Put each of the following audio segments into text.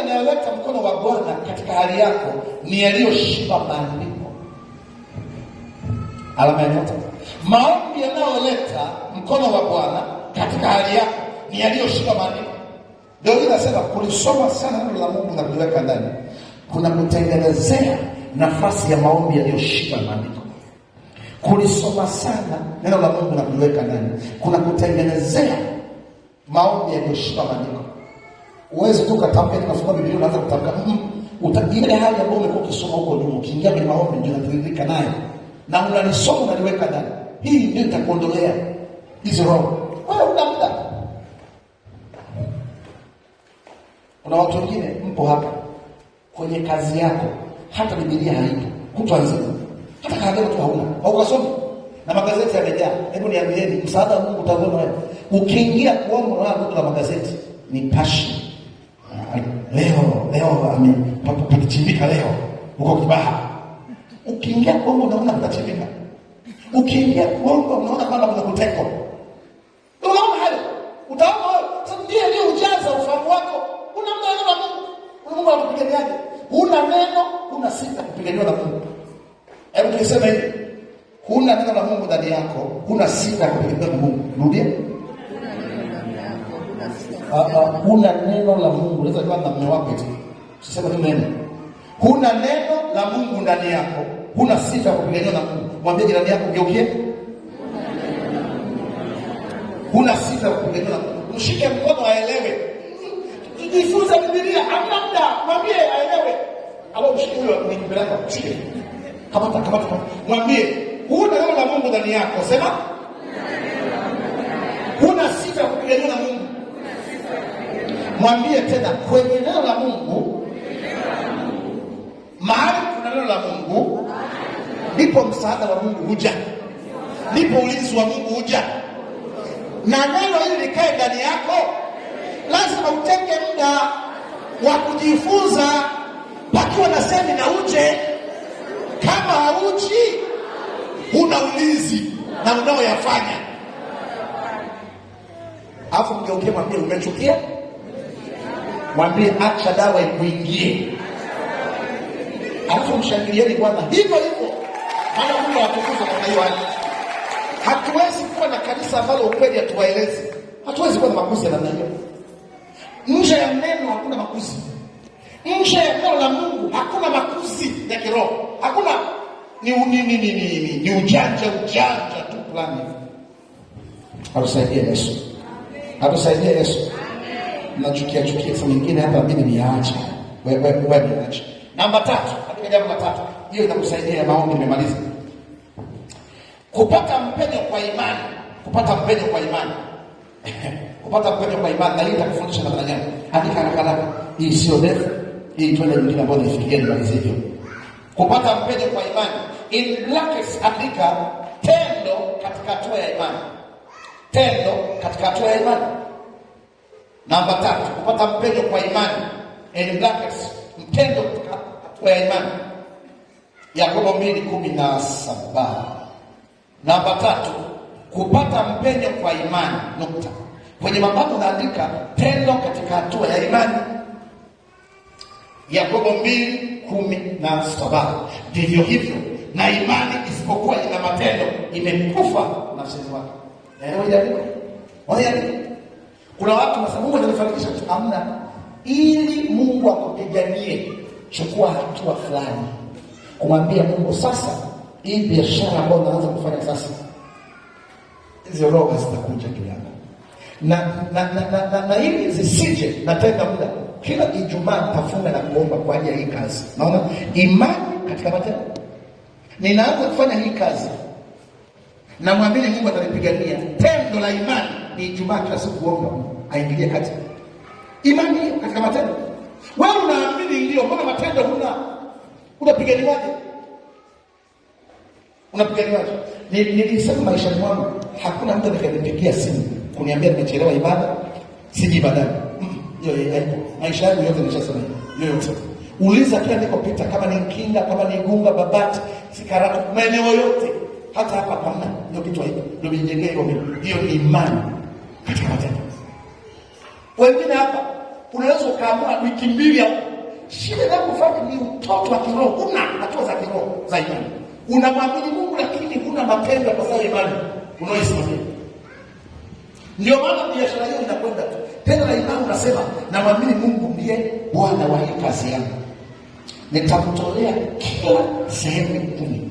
yanayoleta mkono wa Bwana katika hali yako ni yaliyoshiba maandiko. Alama ya nyota. Maombi yanayoleta mkono wa Bwana katika hali yako ni yaliyoshiba maandiko. Ndio Daudi nasema kulisoma sana neno la Mungu na kuliweka ndani kuna kutengenezea nafasi ya maombi yaliyoshiba maandiko. Kulisoma sana neno la Mungu na kuliweka ndani kuna kutengenezea maombi yaliyoshiba maandiko. Uwezi tu katamka tunafungua Biblia unaanza kutamka mm, utajielewa hali ambayo umekuwa ukisoma huko nyuma. Ukiingia kwenye maombi ndio unatuidhika naye. Na unalisoma unaliweka ndani. Hii ndio itakuondolea hizo roho. Wewe una muda. Kuna watu wengine mpo hapa kwenye kazi yako hata Biblia haipo. Kutwa nzima. Hata kaagano tu hauna. Au kasoma na magazeti yamejaa. Hebu niambieni, msaada wa Mungu utaona wewe. Ukiingia kuomba na magazeti ni passion leo leo ame pakichimbika leo uko Kibaha. Ukiingia Kongo unaona kunachimbika, ukiingia Kongo unaona kwamba kuna kuteko. Unaona hayo, utaona hayo. Sasa ndiye ndiye ujaza ufahamu wako, una neno la Mungu, una Mungu anakupiganiaje? Una neno, una sifa kupiganiwa na Mungu. Hebu tuseme hivi, huna neno la Mungu ndani yako, huna sifa kupiganiwa na Mungu. Rudia huna neno la Mungu. Unaweza kuwa na mume wako tu, Sasa tu neno, huna neno la Mungu ndani yako, huna sifa ya kupiganiwa na Mungu. Mwambie jirani yako, geukie, huna sifa ya kupiganiwa na Mungu. Mshike mkono, aelewe, jifunze Biblia, amna muda, mwambie aelewe, au mshike huyo ni kipeleka, mshike, kamata, kamata, mwambie huna neno la Mungu ndani yako, sema huna sifa ya kupiganiwa na Mungu. Mwambie tena, kwenye neno la Mungu, mahali kuna neno la Mungu ndipo msaada wa Mungu huja, ndipo ulinzi wa Mungu huja. Na neno hili likae ndani yako, lazima utenge muda wa kujifunza. Pakiwa na semi na uje, kama hauji huna ulinzi na unaoyafanya. Alafu mgeukie, mwambie umechukia mwambie acha dawa ikuingie, alafu mshangilieni kwamba hivyo hivyo, maana Mungu atukuzwe kwa hiyo hali. Hatuwezi kuwa na kanisa ambalo ukweli hatuwaelezi, hatuwezi kuwa na makuzi ya namna hiyo. Nje ya neno hakuna makuzi, nje ya neno la Mungu hakuna makuzi ya kiroho, hakuna ni ni ni ni ni ni ujanja ujanja tu fulani. Atusaidie Yesu, atusaidie Yesu mnachukia chukia. Sasa nyingine hapa mimi niache wewe wewe wewe niache. Namba tatu, hadi jambo la tatu, hiyo inakusaidia maombi. Nimemaliza kupata mpenyo kwa imani, kupata mpenyo kwa imani kupata mpenyo kwa imani, na hii itakufundisha namna gani? Hadi haraka haraka, hii sio ndefu, hii twende nyingine ambayo naifikiria nimalize hivyo. Kupata mpenyo kwa imani, in brackets andika tendo katika hatua ya imani, tendo katika hatua ya imani Namba tatu, kupata mpendo kwa imani in brackets, mpendo kwa imani. Yakobo mbili kumi na saba. Namba tatu, kupata mpendo kwa imani nukta. Kwenye mabango naandika tendo katika hatua ya imani. Yakobo mbili kumi na saba. Ndivyo hivyo na imani isipokuwa ina matendo imekufa nafsini wake. Naelewa jambo? Wanaelewa? Kuna watu wasema Mungu atanifanikisha tu, Ili Mungu akupiganie, chukua hatua fulani, kumwambia Mungu, sasa hii biashara ambayo naanza kufanya sasa, hizo roho zitakuja juu yako, na na na, na, na, na ili zisije, natenga muda kila Ijumaa nitafunga na kuomba kwa ajili ya hii kazi. Naona imani katika matendo, ninaanza kufanya hii kazi, namwamini Mungu atanipigania, tendo la imani ni Ijumaa kila siku kuomba aingilie kati. Imani katika matendo. Wewe unaamini ndio, mbona matendo huna? Unapiganiwaje? Unapiganiwaje? Nilisema maisha yangu hakuna mtu atakayenipigia simu kuniambia nimechelewa ibada, siji ibada. Hiyo haipo. Maisha yangu yote nishasema hiyo yote. Uliza pia niko pita kama ni Mkinga, kama ni Igunga, Babati, Sikaratu, maeneo yote, hata hapa hamna. Ndio kitu hiki, ndio mjengee hiyo. Hiyo imani katika matendo. Wengine hapa unaweza ukaamua wiki mbili hapo, shida kufanya ni utoto wa kiroho, una hatua za kiroho za imani, unamwamini Mungu lakini huna matendo kwa sababu imani unaoisimamia. Ndio maana biashara hiyo inakwenda tu, tena la imani unasema, namwamini Mungu ndiye Bwana wa hii kazi yangu, nitamtolea kila sehemu kumi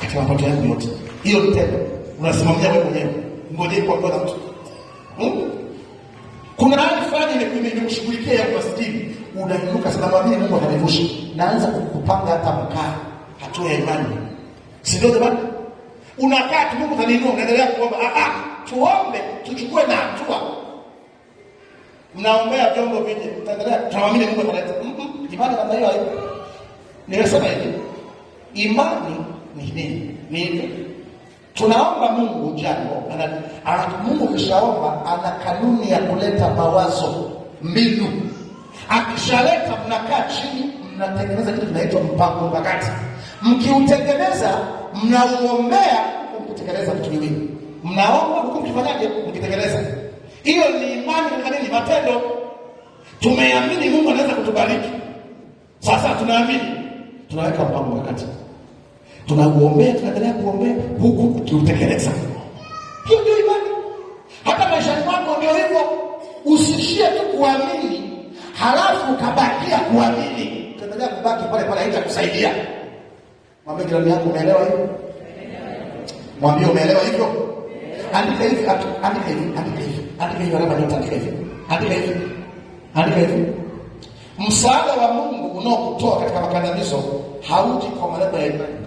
katika mapato yangu yote. Hiyo ni tendo unasimamia wewe mwenyewe, ngojeni kwa kwa mtu Mungu. Kuna hali fulani nimekushughulikia ya maskini, unainuka sana mwambie Mungu atanivushi. Naanza kukupanga hata mkaa hatua ya imani. Si ndio jamani? Unakaa tu Mungu kaniinua, unaendelea kuomba. Ah ah, tuombe, tuchukue na hatua. Mnaombea vyombo vije, mtaendelea tuamini Mungu ataleta. Mm, mm imani kama hiyo haipo. Nimesema hivi. Imani ni nini? Ni Tunaomba Mungu jambo ana, Mungu kishaomba ana kanuni ya kuleta mawazo, mbinu. Akishaleta mnakaa chini, mnatengeneza kitu kinaitwa mpango mkakati. Mkiutengeneza mnauombea kutekeleza mkitekeleza vitu viwili, mnaomba huku mkifanyaje? Mkitekeleza. Hiyo ni imani na nini? Matendo. Tumeamini Mungu anaweza kutubariki, sasa tunaamini, tunaweka mpango mkakati tunakuombea, tunaendelea kuombea huku tukiutekeleza. Hiyo ndio imani. Hata maishani mwako ndio hivyo, usishie tu kuamini halafu ukabakia kuamini, tuendelea kubaki pale pale, haitakusaidia. Mwambie jirani yako, umeelewa hivyo? Mwambie umeelewa hivyo. Andika hivi, andika hivi, andika hivi, andika hivi, alama nyota, andika hivi, andika hivi, andika hivi. Msaada wa Mungu unaokutoa katika makandamizo hauji kwa maneno ya imani.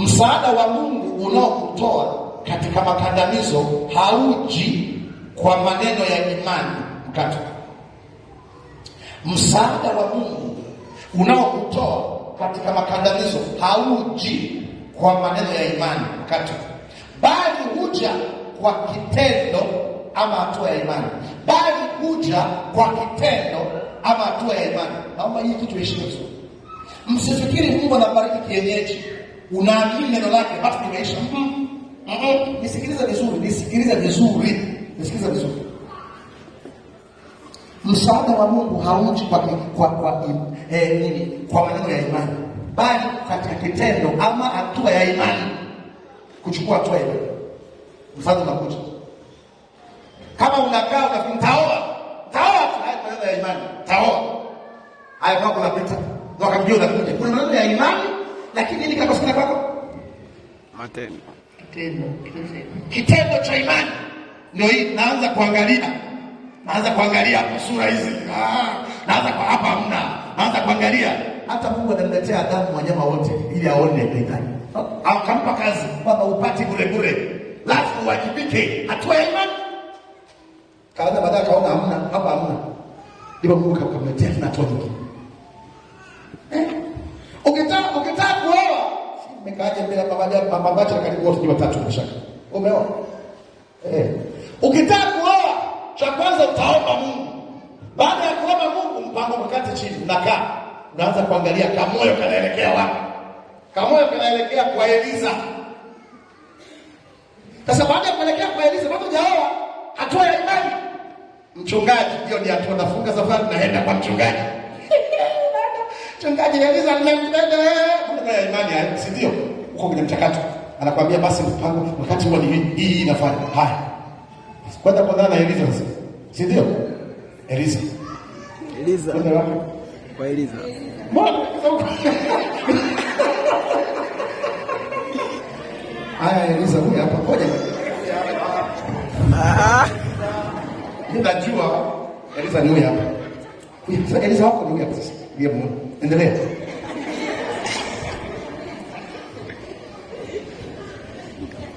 Msaada wa Mungu unaokutoa katika makandamizo hauji kwa maneno ya imani mkato. Msaada wa Mungu unaokutoa katika makandamizo hauji kwa maneno ya imani mkato, bali huja kwa kitendo ama hatua ya imani, bali huja kwa kitendo ama hatua ya imani. Naomba hii kitu heshima. Msifikiri Mungu anabariki kienyeji unaamini neno lake basi imeisha. Nisikilize vizuri, nisikilize vizuri, nisikilize vizuri. Msaada wa Mungu hauji kwa kwa kwa eh, nini, kwa maneno ya imani, bali katika kitendo ama hatua ya imani, kuchukua hatua ya imani. Mfano unakuja kama unakaa unafikiri taoa taoa, maneno ya imani taoa, haya kwa kuna pita kunapita, wakamjua unakuja, kuna maneno ya imani lakini nini kinakosekana kwako? Matendo. Matendo. kitendo cha imani ndio hii. Naanza kuangalia, naanza kuangalia hapa sura hizi, ah, naanza kwa hapa hamna, naanza kuangalia hata Mungu anamletea Adamu wanyama wote ili aone ndani, akampa kazi kwamba upati bure bure, lazima uwajibike. Hatua ya imani kaanza, baadaye kaona hamna hapa, hamna, ndipo Mungu akamletea tena hatua nyingine. kaja mbele baba yake karibu watu watatu bila shaka. Umeona? Eh. Ukitaka kuoa cha kwanza utaomba Mungu. Baada ya kuomba Mungu mpango mkate chini unakaa. Unaanza kuangalia kamoyo kanaelekea wapi? Kamoyo kanaelekea kwa Eliza. Sasa baada ya kuelekea kwa Eliza bado hujaoa, hatua ya imani. Mchungaji, hiyo ni hatua nafunga safari naenda kwa mchungaji. Mchungaji Eliza nimempenda. Eh kura ya imani haya, si ndio? Uko kwenye mchakato, anakuambia basi mpango wakati huo ni hii inafanya haya Kwenda kwa na Eliza sasa, si ndio? Eliza Eliza Kwenda wapi? kwa Eliza haya, Eliza huyu hapa, ngoja ninajua Eliza ni huyu hapa, Eliza wako ni huyu hapa. Sasa Ndio. endelea.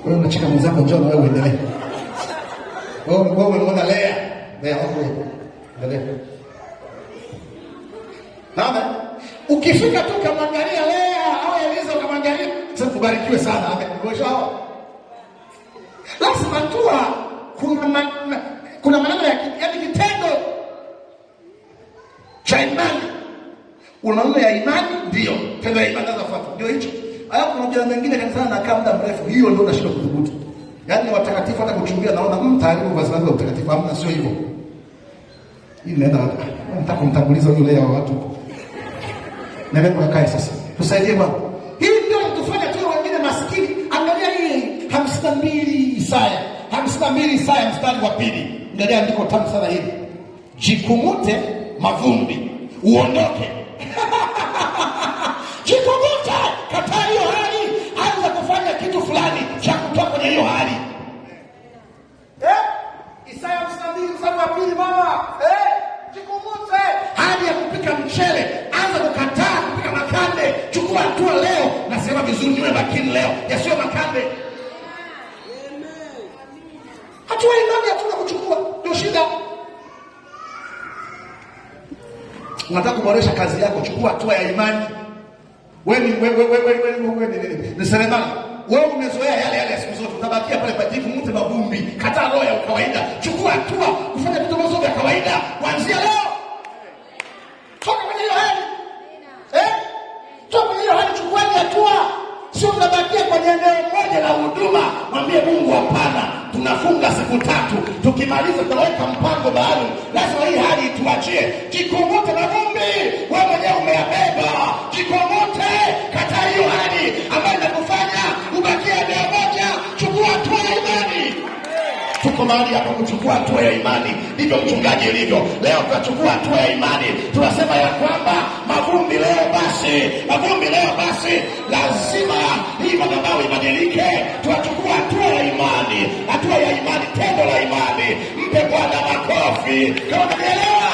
Wewe unachika mwenzako, njoo na wewe uendelee. Wewe wewe unaona lea. Lea huko. Endelee. Baba, ukifika tu kamwangalia lea au Eliza kamwangalia, sasa kubarikiwe sana. Amekuosha hapo. Lazima tua kuna man, kuna maneno ya yaani kitendo cha imani. Unaona ya imani ndio tendo ya imani ndio hicho. Alafu kuna majira mengine kanisani nakaa muda mrefu, hiyo ndio nashindwa kudhubutu. Yaani watakatifu hata kuchungia naona mmm, tayari vazi langu la utakatifu hamna, sio hivyo. Hii naenda ah, nataka kumtanguliza yule ya watu. Naenda kwa kai sasa. Tusaidie Bwana. Hii ndio inatufanya tuwe wengine maskini. Angalia hii 52 Isaya. 52 Isaya mstari wa pili. Angalia andiko tamu sana hili. Jikumute mavumbi. Uondoke vizuri, mwe makini leo, yasiyo makambe. Hatua imani hatuna kuchukua, ndio shida. Unataka kuboresha kazi yako, chukua hatua ya imani. Wewe ni wewe wewe wewe ni seremala, wewe umezoea yale yale siku zote, utabakia pale pajivu, mtu mavumbi. Kataa roho ya kawaida, chukua hatua kufanya vitu vya kawaida kuanzia leo. Toka kwenye hiyo hali eh, toka kwenye hiyo hali, chukueni hatua sio unabakia kwenye eneo moja la huduma. Mwambie Mungu hapana, tunafunga siku tatu, tukimaliza tutaweka mpango maalum. Lazima hii hali ituachie. na vumbi. wewe mwenyewe umeyabeba. kikomote, kata hiyo hali ambayo inakufanya ubakie eneo moja. Chukua hatua ya imani. Tuko mahali hapa kuchukua hatua ya imani, ndivyo mchungaji ilivyo leo. Tunachukua hatua ya imani, tunasema ya kwamba basi leo basi, lazima hii madhabahu ibadilike. Tuachukua hatua ya imani, hatua ya imani, tendo la imani. Mpe Bwana makofi kama unanielewa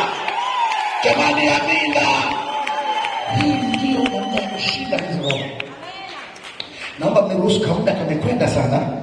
jamani, amina. Hii ndiyo namna hizo roho. Naomba mniruhusu kaunda, kamekwenda sana